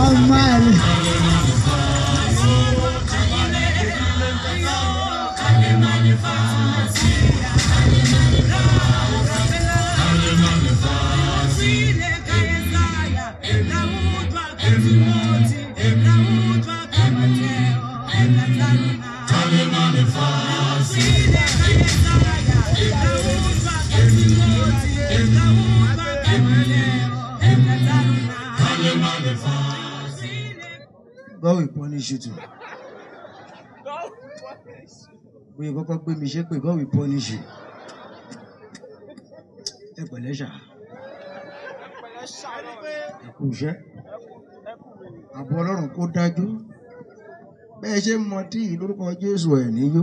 Oh man. Everyone, everyone, God will punish you too. Oye kọ́kọ́ pé We ṣe pé God will punish you. Ẹ pẹ̀lẹ́ ṣá. Ẹ kú iṣẹ́. Àbọ̀ Ọlọ́run kó dájú bẹ́ẹ̀ ṣe ń mọtí yìí lórúkọ Jésù ẹ̀ níyó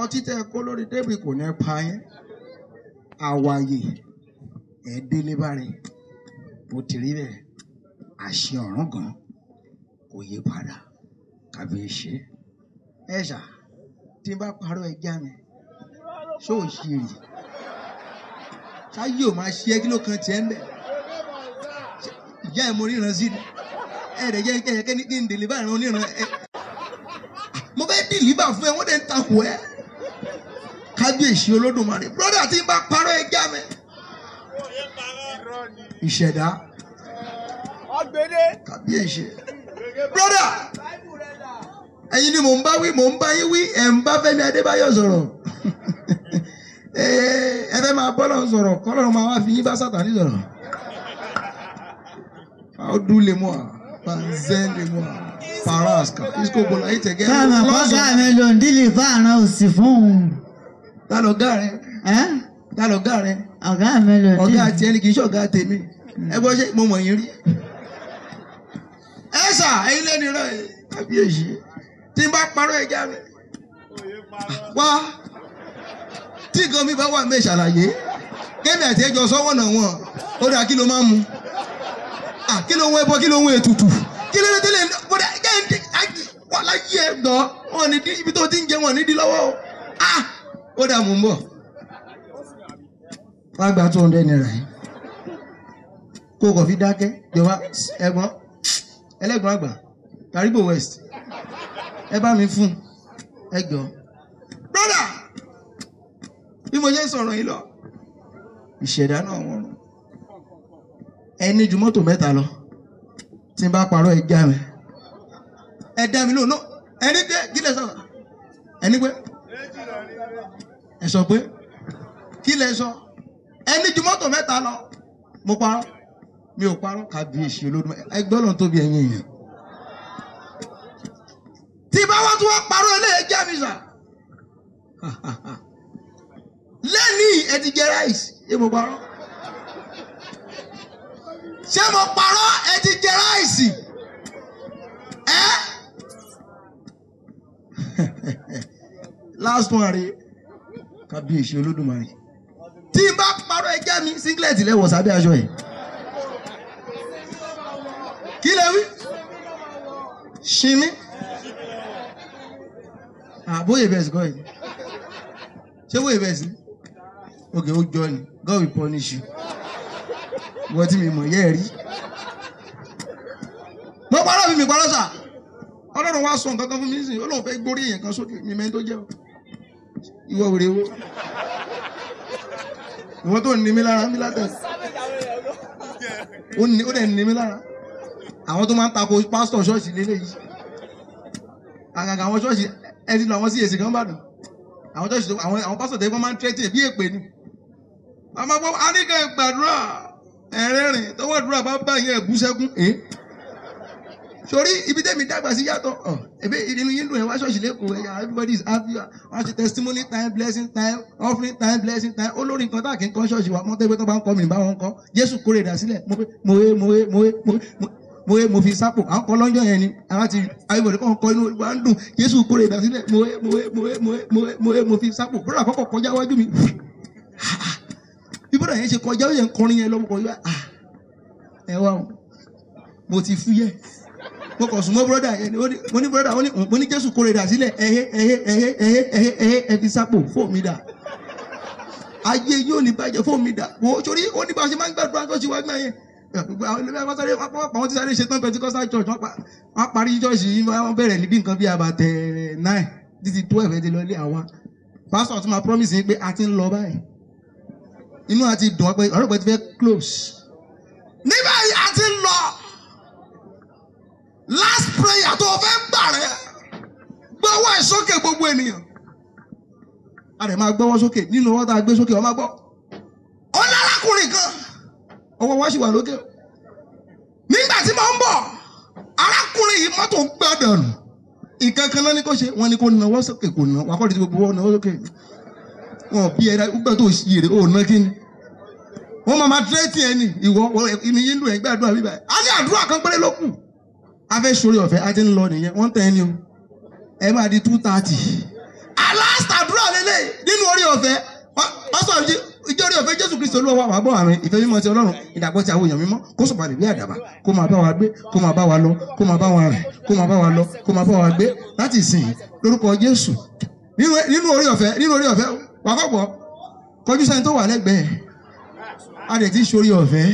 ọtí tẹ kó lórí débì kò ní pa yín àwàyè ẹ̀ délé bára bó ti rí rẹ̀ àṣẹ ọ̀ràn gan kò yí padà kàbíyèsí ẹ ṣá tí n bá parọ́ ẹ já mi ṣó ò ṣe rè ṣáyé ò máa ṣe é kí ló kan tiẹ̀ ń bẹ̀ ìyá ẹ̀ mo ríran sí i ẹ̀rẹ̀ yẹ kẹ́ kẹ́ ní kí n dìlíbà ìran oníran ẹ̀ mo fẹ́ dìlíbà fún ẹ wọ́n dẹ̀ ń takò ẹ́ kábíyèsí olódùmarè brọ́dà tí n bá parọ́ ẹ mi. ìṣẹ̀dá kábíyèsí brọ́dà ẹ̀yin ni mò ń bá wí mò ń bá yín wí ẹ̀ ń bá Fẹ́mi Adébáyọ̀ sọ̀rọ̀ ẹ fẹ́ máa bọ́lọ̀ sọ̀rọ̀ kọ́lọ́run máa wá fi yín bá Sátánì sọ̀rọ̀. How do lemon? Banzelewa Paraska. Isco Bola yìí tẹ̀gẹ́. Báwo ọ̀gá mi lò ń dílé fáàrán òsì fún òun? Ta lọ gá rẹ? Ta lọ gá rẹ? Ọ̀gá mi lò ń dílé. Ọ̀gá tiẹ̀ ni kì í ṣọ̀gá tèmi. Hmm. Ẹ gbọ́ ṣe mo mọ̀ yín rí. Ẹ sà ẹyin lẹ́nu rẹ̀ kábíyèsí. Tí n bá parọ́ ẹja rẹ̀. Wá tí nǹkan mi bá wà mí ṣàlàyé. Kémi àti ẹjọ́ sọ́wọ́nà wọn. Ó dà kí ló máa ń Ah, kí ló ń wọ ẹbọ kí ló ń wọ ètùtù kí ló ń tẹ́lẹ̀ bọ́dà jẹ́ ẹ̀ wà láyé ẹ̀ gbọ́ wọn ní ibi tó ti ń jẹ wọn ní di lọ́wọ́ o ah, ó dà mú bọ̀. wọ́n á gba two hundred naira yìí kó o kàn fi dákẹ́ jọba ẹ̀gbọ́n ẹlẹ́gbọ́n àgbà Taribo West ẹ bá mi fún ẹ gbọ́. brother bí mo ṣe ń sọ̀rọ̀ yìí lọ ìṣẹ̀dá náà wọ̀rùn ẹ ní ju mọ́tò mẹ́ta lọ tí n bá parọ́ ẹ já mi ẹ dá mi lóòótọ́ ẹ ní pé kí lè sọ ẹ ní pé ẹ sọ pé kí lè sọ ẹ ní ju mọ́tò mẹ́ta lọ mo parọ́ mi ò parọ́ kàbíyèsí olódùmọ̀ ẹ gbọ́dọ̀ tóbi ẹ̀yìn èèyàn tí bá wá tún wá parọ́ eléyìí já mi sà lẹ́nìí ẹ ti jẹ ráìsì ẹ mo parọ́ ṣé mo parọ́ ẹ ti jẹ ráìsì ẹ last one rèé kábíyèsí olódùmarè tí n bá parọ́ ẹjẹ́ mi singlet lẹ́wọ̀ sábẹ́ aṣọ yìí kí lè wí ṣimi àbóyè bẹ́ẹ̀ sí kọ́ yìí ṣé bóyè bẹ́ẹ̀ sí okay ó jọ ni God will punish you ìwọ tí mi mọ̀ yẹ́ ẹ̀ rí. mo parọ́ mi mi parọ́ sà ọlọ́run wá sọ nǹkan kan fún mi nísìnyí ọlọ́run fẹ́ gbórí èèyàn kan sókè mi mẹ́ni tó jẹ́ o ìwọ wèrè wo ìwọ tó ní mi lára mi látẹ̀ ó dẹ̀ ní mi lára àwọn tó máa ń tako pásítọ̀ ṣọ́ọ̀ṣì lélẹ́yìí àgàgà àwọn ṣọ́ọ̀ṣì ẹ ti lọ àwọn sí èsì kan bàdàn àwọn ṣọ́ọ̀ṣì àwọn pásítọ̀ tẹ́lifọ́n máa ń tẹ́tì bí èpè ni àmọ́ a ní gbàdúrà ẹ̀rẹ́rìn tọwọ́ àdúrà bá bá yẹn ẹ̀bú sẹ́kún ẹ̀ sori ibi tẹ́mi dàgbà sí yàtọ̀ ọ̀ ẹ̀bẹ́ ìdínú yín dùn ẹ̀ wá ṣọ́ọ̀ṣì lẹ́kọ̀ọ́ ẹ̀yà everybody is happy wá ṣe testimony time blessing time offering time blessing time olórí nǹkan tá a kì í kọ́ ṣọ́ọ̀ṣì wa mọ́tò ẹgbẹ́ tó bá ń kọ́ mi bá wọn kọ́ Jésù kórè dà sílẹ̀ mo wé mo wé mo wé mo wé mo ye mo fi sápò à ń kọ lọ́jọ́ yẹn ni ara ti ayọ̀bọ̀dé kọ́ kọ́ inú wa ń dùn Jésù kórè ìdásílẹ̀ mo ye mo ye mo ye mo ye mo ye mo ye mo fi sápò bọ́dà kọ́kọ́ kọjá wájú mi bíbọ̀dà yẹn ṣe kọjá ó yẹn ń kọrin yẹn lọ́wọ́ kọjá ah ẹ wá o mo ti fúyẹ́ mo kàn sùn mọ́ bọ́dà yẹn mo ní bọ́dà mo ní jésù kórè dà sílẹ̀ ẹ̀hẹ́ ẹ̀hẹ́ ẹ̀hẹ́ ẹ̀hẹ́ ẹ̀hẹ́ ẹ̀hẹ́ ẹ̀ fi sápò fóò mi dà ayé yóò ní bàjẹ́ fóò mi dà wò ó sórí ó ní bá a ṣe máa ń gbàdúrà tó ṣe wá gbà yẹn àwọn tí sáré ṣetán pentikosta church wọn parí church yìí wọn bẹ̀rẹ̀ níbi nǹkan bíi àbàtẹ̀ nine títí twelve ẹ̀ ti lọ ilé àwa pásítọ̀ tún máa promise yín pé a ti ń lọ báyìí inú àti dùn ọ pé ọ̀rọ̀ pé ti fẹ́ close. níbẹ̀ yìí a ti lọ last prayer tó o fẹ́ gbà rẹ gbọ́wọ́ ẹ̀ sókè gbogbo ènìyàn a rẹ̀ máa gbọ́wọ́ sókè nínú ọwọ́ tá a gbé sókè ọ máa gbọ́ ó lárakùnrin kan ọwọ́ wa sì wà lókè nígbà tí mo ń bọ̀ arákùnrin yìí mọ́tò gbọ́dọ̀ nù nǹkan kan kò ṣe wọn ni kò náwó sókè kò náwó akọ́ni tí gbogbo wọn náwó sókè wọn bí ẹ gbà tó ṣe èrè òun náà kí ni wọn máa máa tẹ́tì ẹ ní ìwọ ìní yín lù ẹ gbàdúrà bíbá a ní àdúrà kan péré ló kù afẹ́ sori ọ̀fẹ́ a ti ń lọ nìyẹn wọ́n tẹ́ ẹ ní o ẹ máa di two thirty alast àdúrà lélẹ̀ nínú orí ọ̀fẹ́ pásítọ̀ ìjọ orí ọ̀fẹ́ Jésù Kristu Olúwa wà bọ̀ àmì ìfẹ́ mímọ́ ti Ọlọ́run ìdàgbọ́ ti àwọn èèyàn mímọ́ kó sọ̀bà lè ní àdàbà kó máa bá wa gbé kó máa bá wa lọ kó máa bá wa rìn kó máa bá wa lọ kó máa bá wa gbé láti ìsìn lórúkọ Jésù nínú orí ọ̀fẹ́ nínú orí ọ̀fẹ́ wà kọ́ bọ̀ kọjú sẹ́ni tó wà lẹ́gbẹ̀ẹ́ a lè ti sori ọ̀fẹ́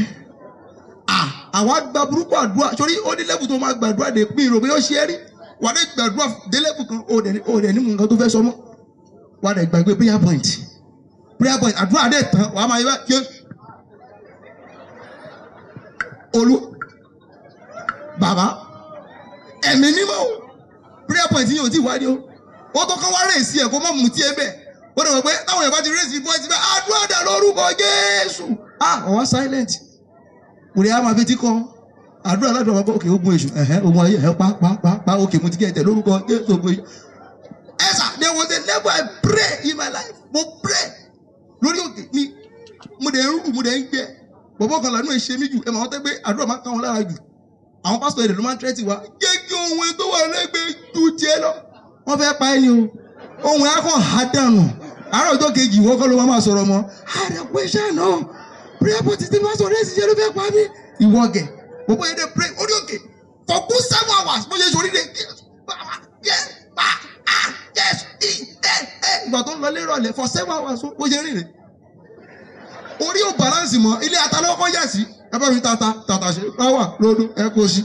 àwa gba burúkú àdúrà sori ó ní lẹ́bù tó máa gbàdúrà dé pín ìròbí ó ṣe é rí wà ní gbàdúrà délẹ́bù kan ó dẹ̀ ní nǹkan tó fẹ́ sọmọ́ wà dẹ̀ gbàgbé prayer point prayer point àdúrà dẹ̀ tán wà á máa yẹ bá olú bàbá ẹ̀mí mímọ́ prayer point yìí ò tí wá ní o ó tó kọ́ wá rèé sí ẹ̀ kó mọ̀ mú ẹ bẹ́ẹ̀ ó dẹ̀ mọ̀ pé táwọn èèyàn bá ti raise the voice bẹ́ẹ̀ àdúrà dà lórúkọ Jésù ah ọ̀wọ́n silent òrè àwọn afetí kọ́ àdúrà ládùn ọmọ òkè ogun èṣù ẹ̀hẹ́ ogun ayé ẹ̀hẹ́ pàápàá òkè mu ti kẹ́ ẹ̀tẹ̀ lórúkọ Jésù ogun èṣù ẹ̀ sà there was a level I pray in my life mo pray lórí òkè mi mo dẹ̀ ń rú mo dẹ̀ ń gbẹ bọ̀bọ̀ kan lànà ìṣe mi jù ẹ̀ mà wọ́n tẹ́ pé àdúrà máa ń ká wọn lára jù àwọn pásítọ̀ èdè ló máa ń tẹ́tì wá jẹ́ kí ohun tó wà lẹ́gbẹ̀ẹ́ ju tiẹ̀ lọ wọ́n fẹ́ pa ẹni o ohun ẹ̀ á kàn á dànù àárọ̀ ọjọ́ kejì ìwọ kọ́ ló máa sọ̀rọ̀ mọ́ ààrẹ pé iṣẹ́ náà prayer party ti máa sọ̀rọ̀ èsì jẹ́ ló fẹ́ pa mí ìwọ gẹ̀ mo bóyá dé pray orí òkè for good seven hours mo ṣe sori de e, e. ìgbà tó ń lọ lérò ọ̀lẹ́ for seven hours mo ṣe rìn rìn orí ò balance mọ́ ilé atalọ́kọ́ yà sí ẹ bá fi tata tata ṣe báwà lódú ẹ kó sí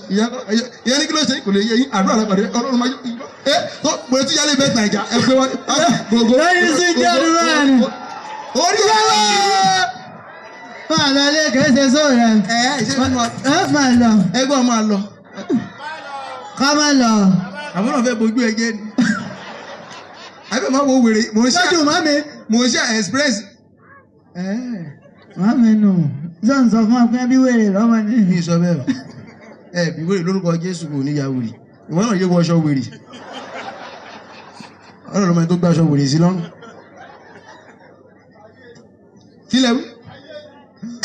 ìyẹn ní kí ló ṣe kò lè yẹ yín àdúrà lápàdé ọlọ́run máa yẹ tó pèrè tí yálé bẹ́ẹ̀ nàìjà ẹ pé wá gbogbo. lẹ́yìn sí jẹ́rùrà ni. oríyá wa. máa lọ ilé kẹsẹ̀ sóòrè. ẹ ẹ ṣe fún wa. ẹ máa lọ. ẹ gbọ́ máa lọ. ká máa lọ. àwọn náà fẹ́ bójú ẹ jẹ́ ni. àbẹ̀ máa wo wèrè mò ń ṣe. lọ́dún mọ́mi. mò ń ṣe express. ẹ máa mi nù sọ́n sọ fún ọpẹ́ bí wèrè lọ́mọ ní. bí sọ bẹ́ẹ̀ o ẹ bí wèrè lórúkọ jésù kò níyà wèrè ìwọ náà yé wọ aṣọ wèrè ọ̀rọ̀ lọ́mọ tó gbé wèrè sí lọ́rùn. kílẹ̀ wí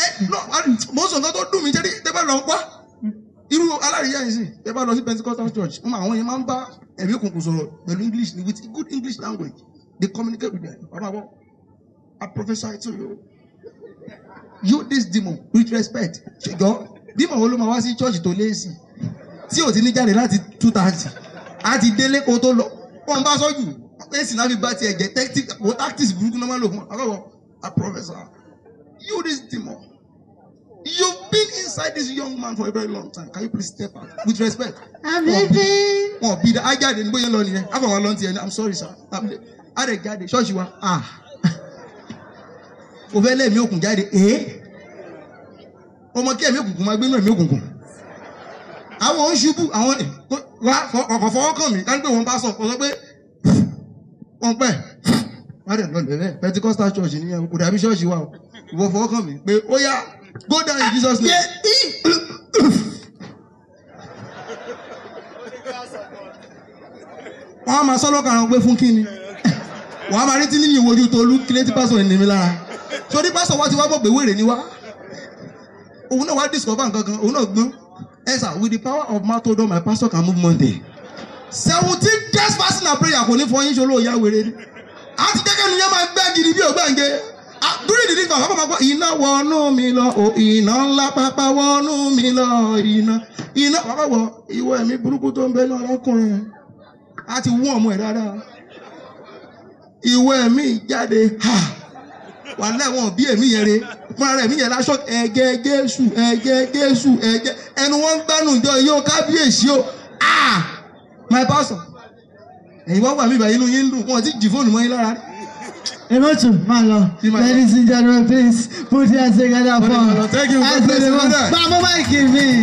ẹ mọ̀ sọ̀ nǹkan tó dùn mí jẹ́rí tẹ́ lọ pa irú alárìíyá yìí sì tẹ́ bá lọ sí Pentecostal church wọn àwọn yẹn máa ń bá ẹ̀mí òkùnkùn sọ̀rọ̀ pẹ̀lú English with good English language they communicate with me. bàbá wọn I prophesy to you you this demon with respect ṣùgbọ́n dímọ̀ wo ló máa wá sí chọ́ọ̀chì tó léèsì tí ò ti ní jáde láti two thirty a ti délé kó tó lọ wọn bá sọ́jú èsì náà fi bá tiẹ̀ jẹ́ tactics burúkú náà máa lò fún akọ́kọ́ a professor you this demon you've been inside this young man for a very long time can you please step out with respect. àbíbí. wọn bí i da ajáde ní bóyá lọ nìyẹn afọwọ́n lọ́ntì ẹni i'm sorry sir àdè jáde ṣọ́ọ̀ṣì wa ah kò fẹ́ lé ẹ̀mí òkùnkùn jáde èé ọmọ kí ẹ̀mí òkùnkùn máa gbé inú ẹ̀mí òkùnkùn àwọn ò ń ṣubú àwọn wá ọkọ̀ fọwọ́ kàn mí káńpẹ́ wọn bá sọ ọ sọ pé wọn pẹ́ wádẹ̀ lọ́dẹ̀ bẹ́ẹ̀ Pentecostal church ni kò dàbí church wa o ìwọ fọwọ́ kàn mí pé ó yá go down in Jesus name. wọ́n á máa sọ́lọ́kàn àwọn pé fún kí ni wọ́n á máa rí tí níyìnwó ojú Tolú kí létí pásọ̀ ìnìmí lára torí pásọ̀ wá ti wá bọ̀ pé wèrè ni wá òun náà wá discover nǹkan kan òun náà gbó ẹ with the power of mouth odor my pastor can move Monday. seventeen days fasting and prayer kò ní fọ yín ṣoló ìyá wèrè ni àti kékeré nu yẹn máa gbẹ́ gidi bí ògbàǹge dúró ìdílé kan àwọn ọmọ gbọ́ iná wọnú mi lọ o iná ńlá pápá wọnú mi lọ iná iná bàbá wọ ìwọ ẹ̀mí burúkú tó ń bẹ ní ọlọ́kùnrin á ti wú ọmọ ẹ̀ dáadáa ìwọ ẹ̀mí jáde ha wàhálà wọn bí èmi yẹn re fúnra rẹ̀ mi yẹn láṣọ ẹ̀jẹ̀ Jésù ẹ̀jẹ̀ Jésù ẹ̀jẹ̀ ẹnu wọn ń gbánu ìjọ yóò kábíyèsí o ah my pastor ẹ̀yin wá wà mí báyìí inú yín ń dùn wọn ti jì fóònù mọ́ yín lára rí. Emotu, máa Ladies and gentlemen, please put your hands together for. Thank you. Bàbá Mike mi.